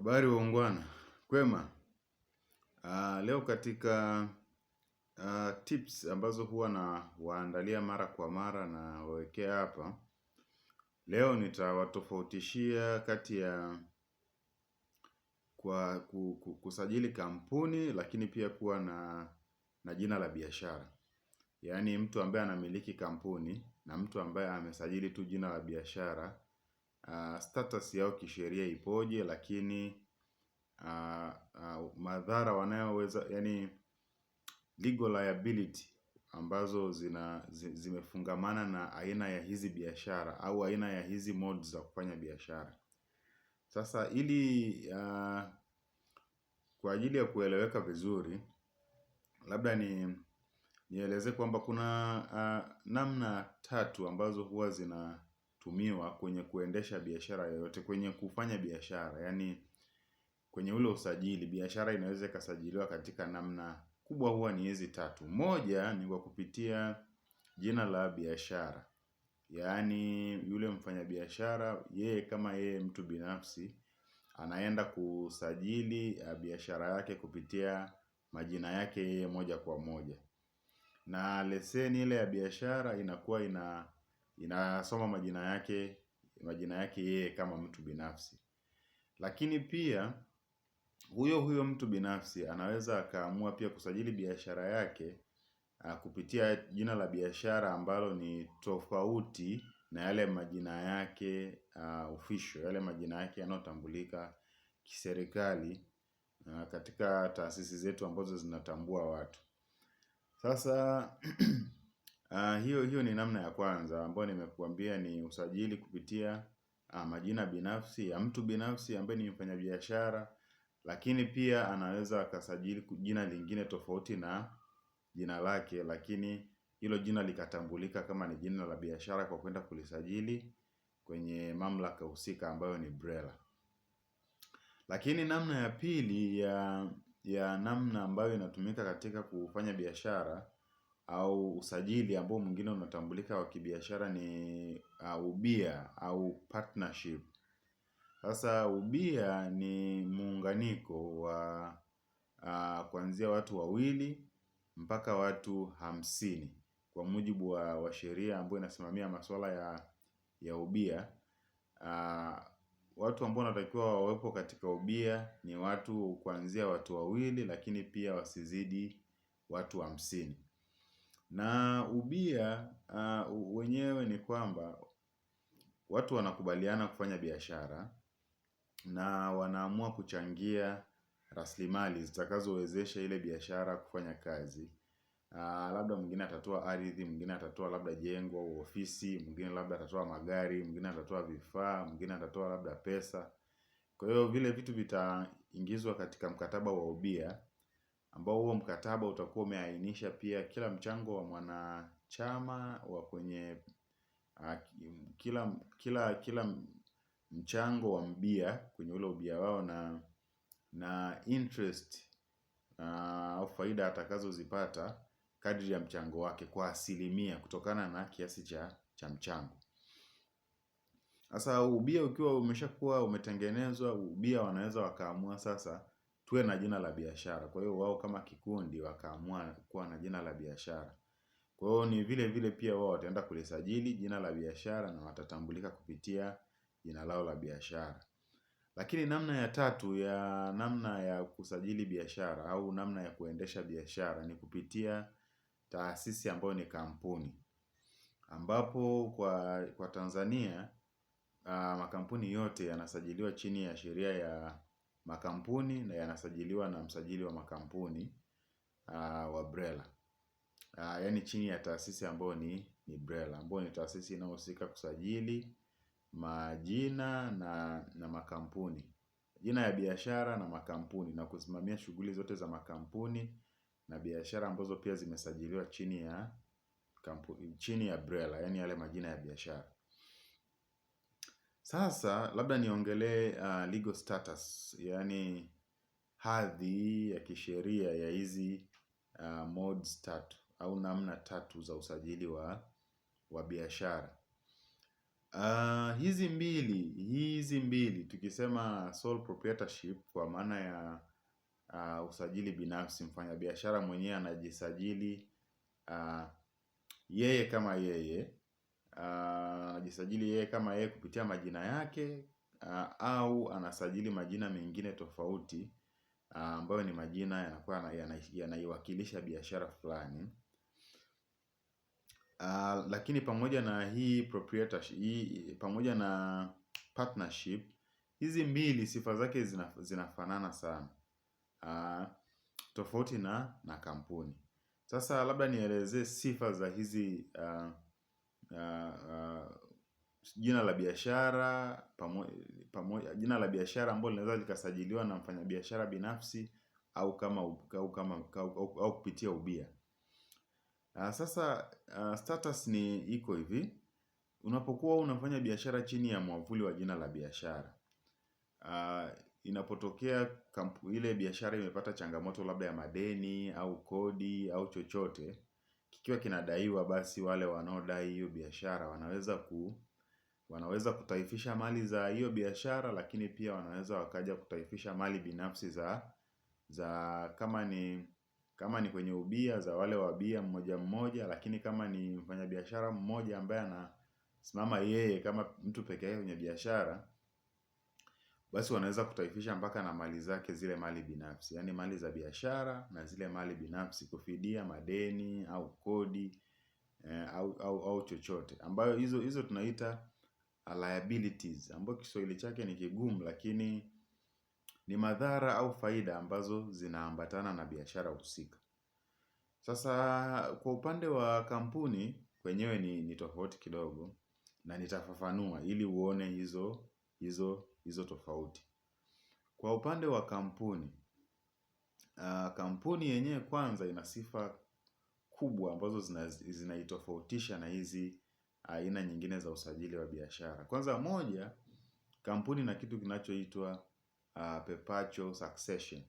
Habari waungwana, kwema. Uh, leo katika uh, tips ambazo huwa na waandalia mara kwa mara na wawekea hapa, leo nitawatofautishia kati ya kwa kusajili kampuni lakini pia kuwa na, na jina la biashara, yaani mtu ambaye anamiliki kampuni na mtu ambaye amesajili tu jina la biashara Ah, status yao kisheria ipoje lakini ah, ah, madhara wanayoweza yani legal liability ambazo zina zimefungamana na aina ya hizi biashara au aina ya hizi modes za kufanya biashara. Sasa ili kwa ajili ya kueleweka vizuri labda ni nieleze kwamba kuna namna tatu ambazo huwa zina tumiwa kwenye kuendesha biashara yoyote, kwenye kufanya biashara. Yani kwenye ule usajili, biashara inaweza ikasajiliwa katika namna kubwa huwa ni hizi tatu. Moja ni kwa kupitia jina la biashara. Yaani yule mfanya biashara yeye kama yeye mtu binafsi anaenda kusajili ah, biashara yake kupitia majina yake yeye moja kwa moja. Na leseni ile ya biashara inakuwa ina inasoma majina yake majina yake yeye kama mtu binafsi. Lakini pia huyo huyo mtu binafsi anaweza akaamua pia kusajili biashara yake ah, kupitia jina la biashara ambalo ni tofauti na yale majina yake ah, official, yale majina yake yanayotambulika kiserikali ah, katika taasisi zetu ambazo zinatambua watu. Sasa Ah, hiyo hiyo ni namna ya kwanza ambayo nimekuambia ni usajili kupitia ah, majina binafsi ya mtu binafsi ambaye ni mfanyabiashara Lakini pia anaweza akasajili jina lingine tofauti na jina lake Lakini hilo jina likatambulika kama ni jina la biashara kwa kwenda kulisajili kwenye mamlaka husika ambayo ni BRELA Lakini namna ya pili ya namna ambayo inatumika katika kufanya biashara au usajili ambao mwingine unatambulika wa kibiashara ni uh, ubia au partnership. Sasa ubia ni muunganiko wa uh, kuanzia watu wawili mpaka watu hamsini kwa mujibu wa, wa sheria ambayo inasimamia masuala ya ya ubia uh, watu ambao wanatakiwa wawepo katika ubia ni watu kuanzia watu wawili, lakini pia wasizidi watu hamsini. Na ubia uh, wenyewe ni kwamba watu wanakubaliana kufanya biashara na wanaamua kuchangia rasilimali zitakazowezesha ile biashara kufanya kazi. Uh, labda mwingine atatoa ardhi, mwingine atatoa labda jengo au ofisi, mwingine labda atatoa magari, mwingine atatoa vifaa, mwingine atatoa labda pesa. Kwa hiyo vile vitu vitaingizwa katika mkataba wa ubia ambao huo mkataba utakuwa umeainisha pia kila mchango wa mwanachama wa kwenye ah, kila kila kila mchango wa mbia kwenye ule ubia wao na na interest ah, au faida atakazozipata kadri ya mchango wake kwa asilimia kutokana na kiasi cha cha mchango. Sasa ubia ukiwa umeshakuwa umetengenezwa ubia wanaweza wakaamua sasa tuwe na jina la biashara. Kwa hiyo wao kama kikundi wakaamua kuwa na jina la biashara. Kwa hiyo ni vile vile pia wao wataenda kulisajili jina la biashara na watatambulika kupitia jina lao la biashara. Lakini namna ya tatu ya namna ya kusajili biashara au namna ya kuendesha biashara ni kupitia taasisi ambayo ni kampuni ambapo kwa Tanzania ah, makampuni yote yanasajiliwa chini ya sheria ya makampuni na yanasajiliwa na msajili wa makampuni ah, wa BRELA ah, yani chini ya taasisi ambayo ni ni BRELA ambayo ni taasisi inayohusika kusajili majina na na makampuni jina ya biashara na makampuni na kusimamia shughuli zote za makampuni na biashara ambazo pia zimesajiliwa chini ya chini ya BRELA yani yale majina ya biashara. Sasa, labda niongelee uh, legal status, yaani hadhi ya kisheria ya hizi uh, modes tatu, au namna tatu za usajili wa biashara. Uh, hizi mbili, hizi mbili, tukisema sole proprietorship kwa maana ya usajili binafsi mfanya biashara mwenyewe anajisajili yeye kama yeye anajisajili ah, yeye kama yeye kupitia majina yake uh, au anasajili majina mengine tofauti ah, ambayo ni majina yanakuwa yanaiwakilisha yana biashara fulani. Uh, lakini pamoja na hii proprietorship hii, pamoja na partnership hizi mbili sifa zake zina, zinafanana sana uh, tofauti na na kampuni. Sasa labda nielezee sifa za hizi uh, jina la biashara pamoja jina la biashara ambalo linaweza likasajiliwa na mfanyabiashara binafsi au kama au kama au kupitia ubia. Sasa status ni iko hivi. Unapokuwa unafanya biashara chini ya mwavuli wa jina la biashara. Inapotokea ile biashara imepata changamoto labda ya madeni au kodi au chochote kikiwa kinadaiwa basi wale wanaodai hiyo biashara wanaweza ku wanaweza kutaifisha mali za hiyo biashara lakini pia wanaweza wakaja kutaifisha mali binafsi za za kama ni kama ni kwenye ubia za wale wabia mmoja mmoja lakini kama ni mfanyabiashara mmoja ambaye anasimama yeye kama mtu peke yake kwenye biashara basi wanaweza kutaifisha mpaka na mali zake zile mali binafsi, yaani mali za biashara na zile mali binafsi, kufidia madeni au kodi eh, au, au, au chochote ambayo hizo hizo tunaita liabilities, ambayo Kiswahili chake ni kigumu, lakini ni madhara au faida ambazo zinaambatana na biashara husika. Sasa kwa upande wa kampuni kwenyewe ni, ni tofauti kidogo na nitafafanua ili uone hizo hizo hizo tofauti. Kwa upande wa kampuni, ah, kampuni yenyewe kwanza ina sifa kubwa ambazo zinaitofautisha na hizi aina nyingine za usajili wa biashara. Kwanza moja, kampuni na kitu kinachoitwa ah, perpetual succession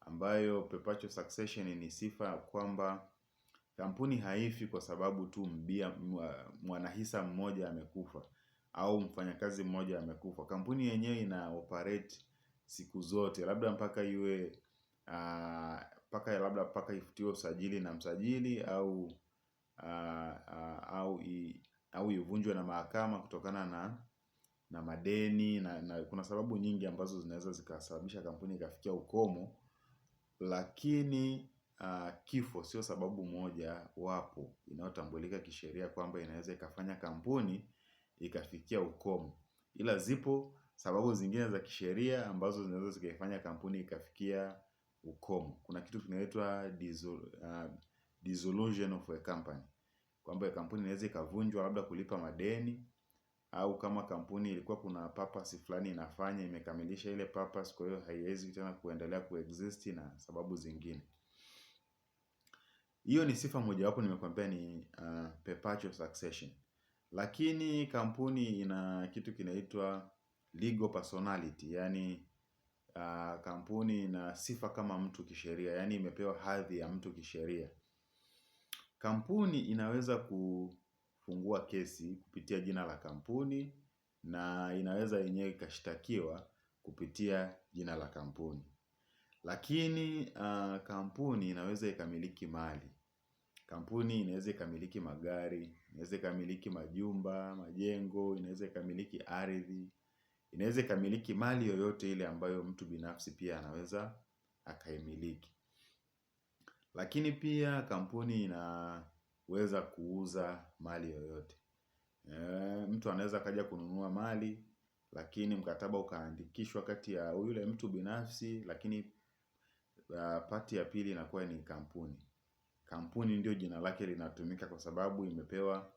ambayo perpetual succession ni sifa kwamba kampuni haifi kwa sababu tu mwanahisa mmoja amekufa au mfanyakazi mmoja amekufa. Kampuni yenyewe ina operate siku zote labda mpaka iwe ah, paka labda mpaka ifutiwe usajili na msajili au ah, ah, au au ivunjwe na mahakama kutokana na na madeni na, na kuna sababu nyingi ambazo zinaweza zikasababisha kampuni ikafikia ukomo lakini uh, kifo sio sababu moja wapo inayotambulika kisheria kwamba inaweza ikafanya kampuni ikafikia ukomo. Ila zipo sababu zingine za kisheria ambazo zinaweza zikaifanya kampuni ikafikia ukomo. Kuna kitu kinaitwa ah, dissolution of a company kwamba kampuni inaweza ikavunjwa labda kulipa madeni au kama kampuni ilikuwa kuna purpose fulani inafanya imekamilisha ile purpose kwa hiyo haiwezi tena kuendelea kuexist na sababu zingine. Hiyo ni sifa mojawapo nimekuambia ni ah, perpetual succession. Lakini kampuni ina kitu kinaitwa legal personality uh, kampuni ina sifa kama mtu kisheria Yaani imepewa hadhi ya mtu kisheria Kampuni inaweza kufungua kesi kupitia jina la kampuni na inaweza yenyewe ikashtakiwa kupitia jina la kampuni Lakini ah, kampuni inaweza ikamiliki mali Kampuni inaweza ikamiliki magari, inaweza ikamiliki majumba, majengo, inaweza ikamiliki ardhi, inaweza ikamiliki mali yoyote ile ambayo mtu binafsi pia anaweza akaimiliki. Lakini pia kampuni inaweza kuuza mali yoyote. Eh, mtu anaweza akaja kununua mali lakini mkataba ukaandikishwa kati ya yule mtu binafsi lakini ah, pati ya pili inakuwa ni kampuni. Kampuni ndio jina lake linatumika kwa sababu imepewa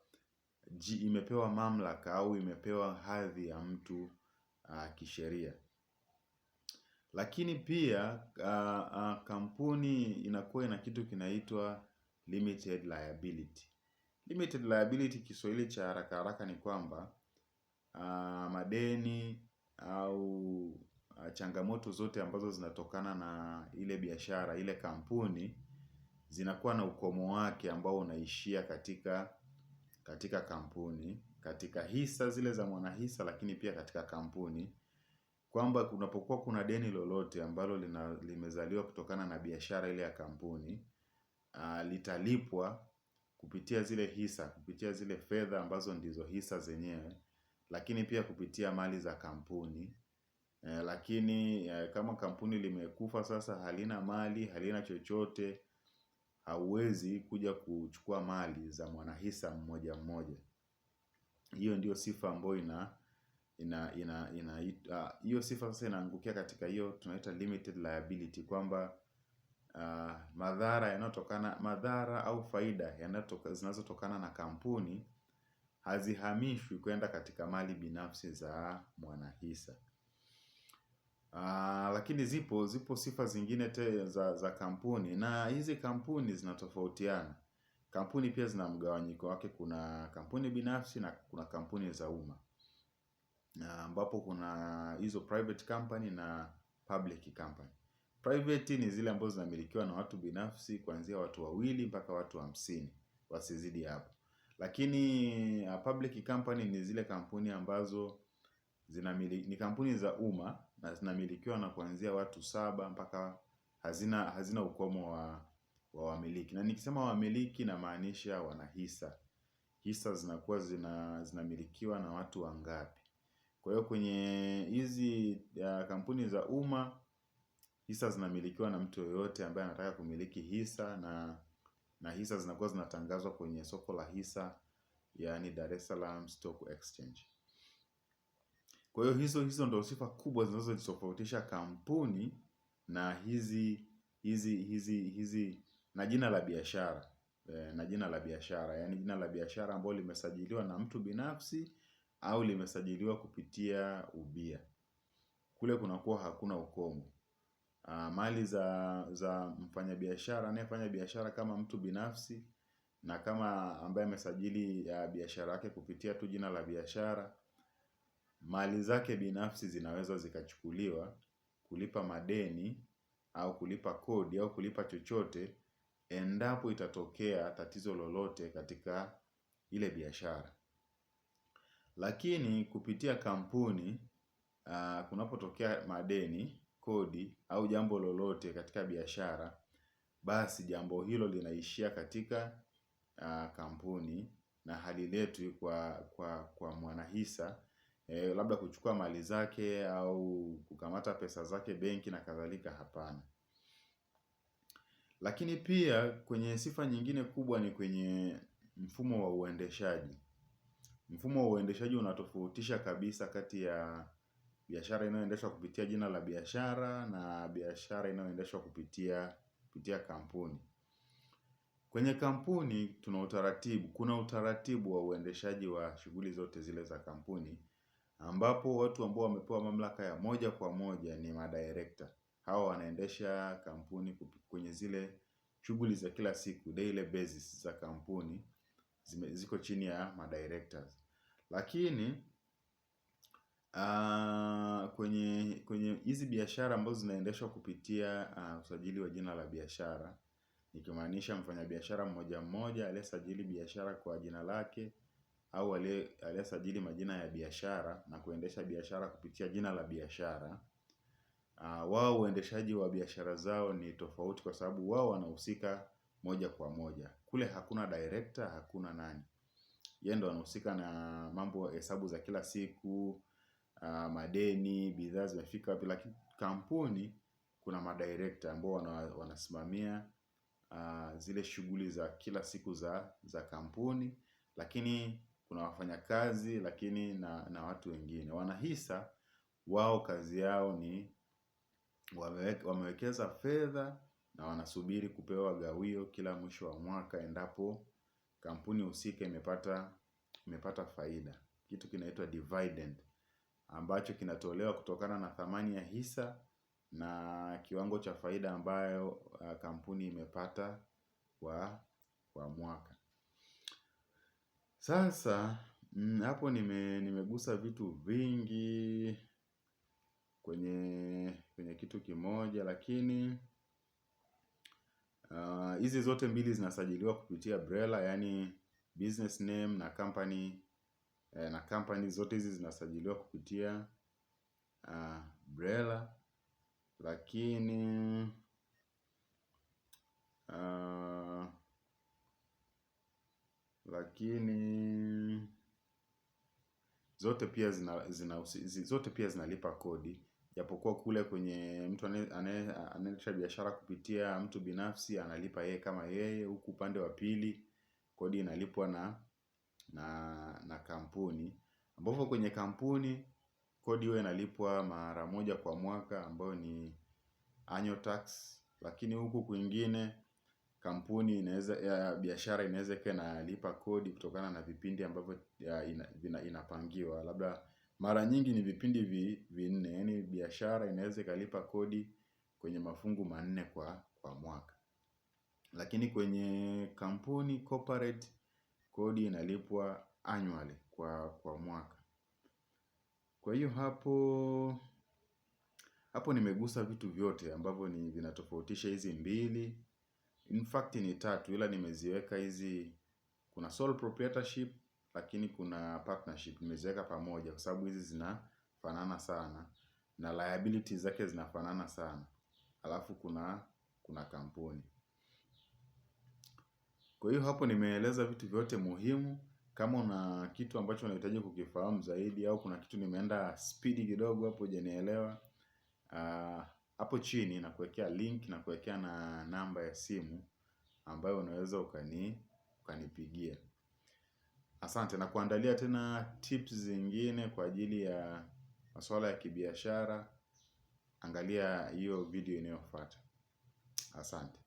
imepewa mamlaka au imepewa hadhi ya mtu uh, kisheria. Lakini pia uh, uh, kampuni inakuwa ina kitu kinaitwa limited liability. Limited liability Kiswahili cha haraka haraka ni kwamba uh, madeni au uh, changamoto zote ambazo zinatokana na ile biashara ile kampuni zinakuwa na ukomo wake ambao unaishia katika katika kampuni, katika hisa zile za mwanahisa, lakini pia katika kampuni kwamba kunapokuwa kuna deni lolote ambalo lina, limezaliwa kutokana na biashara ile ya kampuni uh, litalipwa kupitia zile hisa, kupitia zile fedha ambazo ndizo hisa zenyewe, lakini pia kupitia mali za kampuni eh, lakini eh, kama kampuni limekufa sasa, halina mali, halina chochote hauwezi kuja kuchukua mali za mwanahisa mmoja mmoja. Hiyo ndiyo sifa ambayo ina ina ina ina ah, hiyo sifa sasa inaangukia katika hiyo tunaita limited liability kwamba uh, madhara yanayotokana madhara au faida yanayotoka zinazotokana na kampuni hazihamishwi kwenda katika mali binafsi za mwanahisa. Ah, lakini zipo zipo sifa zingine te za za kampuni na hizi kampuni zinatofautiana. Kampuni pia zina mgawanyiko wake kuna kampuni binafsi na kuna kampuni za umma. Na ambapo kuna hizo private company na public company. Private ni zile ambazo zinamilikiwa na watu binafsi kuanzia watu wawili mpaka watu hamsini wasizidi hapo. Lakini ah, public company ni zile kampuni ambazo zinamiliki, ni kampuni za umma na zinamilikiwa na kuanzia watu saba mpaka hazina hazina ukomo wa wa wamiliki. Na nikisema wamiliki namaanisha wanahisa. Hisa zinakuwa zina zinamilikiwa na watu wangapi. Kwa hiyo kwenye hizi kampuni za umma hisa zinamilikiwa na mtu yoyote ambaye anataka kumiliki hisa na na hisa zinakuwa zinatangazwa kwenye soko la hisa yaani Dar es Salaam Stock Exchange. Kwa hiyo hizo hizo ndo sifa kubwa zinazozitofautisha kampuni na hizi hizi hizi hizi na jina la biashara e, na jina la biashara yaani jina la biashara ambalo limesajiliwa na mtu binafsi au limesajiliwa kupitia ubia. Kule kunakuwa hakuna ukomo. Ah, mali za za mfanyabiashara anayefanya biashara kama mtu binafsi na kama ambaye amesajili ah, biashara yake kupitia tu jina la biashara Mali zake binafsi zinaweza zikachukuliwa kulipa madeni au kulipa kodi au kulipa chochote endapo itatokea tatizo lolote katika ile biashara. Lakini kupitia kampuni ah, kunapotokea madeni, kodi au jambo lolote katika biashara basi jambo hilo linaishia katika ah, kampuni na haliletwi kwa mwanahisa Eh, labda kuchukua mali zake au kukamata pesa zake benki na kadhalika hapana. Lakini pia kwenye sifa nyingine kubwa ni kwenye mfumo wa uendeshaji. Mfumo wa uendeshaji unatofautisha kabisa kati ya biashara inayoendeshwa kupitia jina la biashara na biashara inayoendeshwa kupitia kupitia kampuni. Kwenye kampuni tuna utaratibu, kuna utaratibu wa uendeshaji wa shughuli zote zile za kampuni ambapo watu ambao wamepewa mamlaka ya moja kwa moja ni madirekta. Hawa wanaendesha kampuni kwenye zile shughuli za kila siku daily basis za kampuni zime, ziko chini ya madirectors. Lakini uh, kwenye kwenye hizi biashara ambazo zinaendeshwa kupitia uh, usajili wa jina la biashara, nikimaanisha mfanyabiashara mmoja mmoja aliyesajili biashara kwa jina lake au aliyesajili majina ya biashara na kuendesha biashara kupitia jina la biashara. Ah, wao uendeshaji wa biashara zao ni tofauti kwa sababu wao wanahusika moja kwa moja. Kule hakuna director, hakuna nani. Yeye ndo anahusika na mambo hesabu za kila siku, ah, madeni, bidhaa zimefika wapi lakini kampuni kuna madirector ambao wanasimamia ah, zile shughuli za kila siku za kampuni lakini kuna wafanyakazi lakini na, na watu wengine. Wanahisa wao kazi yao ni wamewekeza fedha na wanasubiri kupewa gawio kila mwisho wa mwaka endapo kampuni husika imepata imepata faida. Kitu kinaitwa dividend ambacho kinatolewa kutokana na thamani ya hisa na kiwango cha faida ambayo ah, kampuni imepata kwa kwa mwaka. Sasa, mm, hapo nimegusa vitu vingi kwenye kitu kimoja, lakini ah, hizi zote mbili zinasajiliwa kupitia BRELA, yani business name na company eh, na company zote hizi zinasajiliwa kupitia ah, BRELA. Lakini. Ah, lakini zote pia zina, zina, zote pia zinalipa kodi japokuwa kule kwenye mtu anayeendesha biashara kupitia mtu binafsi analipa yeye kama yeye, huku upande wa pili kodi inalipwa na na na kampuni, ambapo kwenye kampuni kodi huwa inalipwa mara moja kwa mwaka ambayo ni annual tax, lakini huku kwingine kampuni inaweza ya biashara inaweza ikawa inalipa kodi kutokana na vipindi ambavyo ina, inapangiwa labda mara nyingi ni vipindi vi, vinne yaani biashara inaweza ikalipa kodi kwenye mafungu manne kwa, kwa mwaka lakini kwenye kampuni corporate kodi inalipwa annually kwa, kwa mwaka kwa hiyo hapo hapo nimegusa vitu vyote ambavyo ni vinatofautisha hizi mbili in fact ni tatu ila nimeziweka hizi kuna sole proprietorship lakini kuna partnership nimeziweka pamoja kwa sababu hizi zinafanana sana na liability zake zinafanana sana. Alafu kuna kuna kampuni. Kwa hiyo hapo nimeeleza vitu vyote muhimu. Kama una kitu ambacho unahitaji kukifahamu zaidi au kuna kitu nimeenda spidi kidogo hapo uh, hapo chini kuwekea link kuwekea na namba ya simu ambayo unaweza ukani ukanipigia. Asante na kuandalia tena tips zingine kwa ajili ya masuala ya kibiashara. Angalia hiyo video inayofuata. Asante.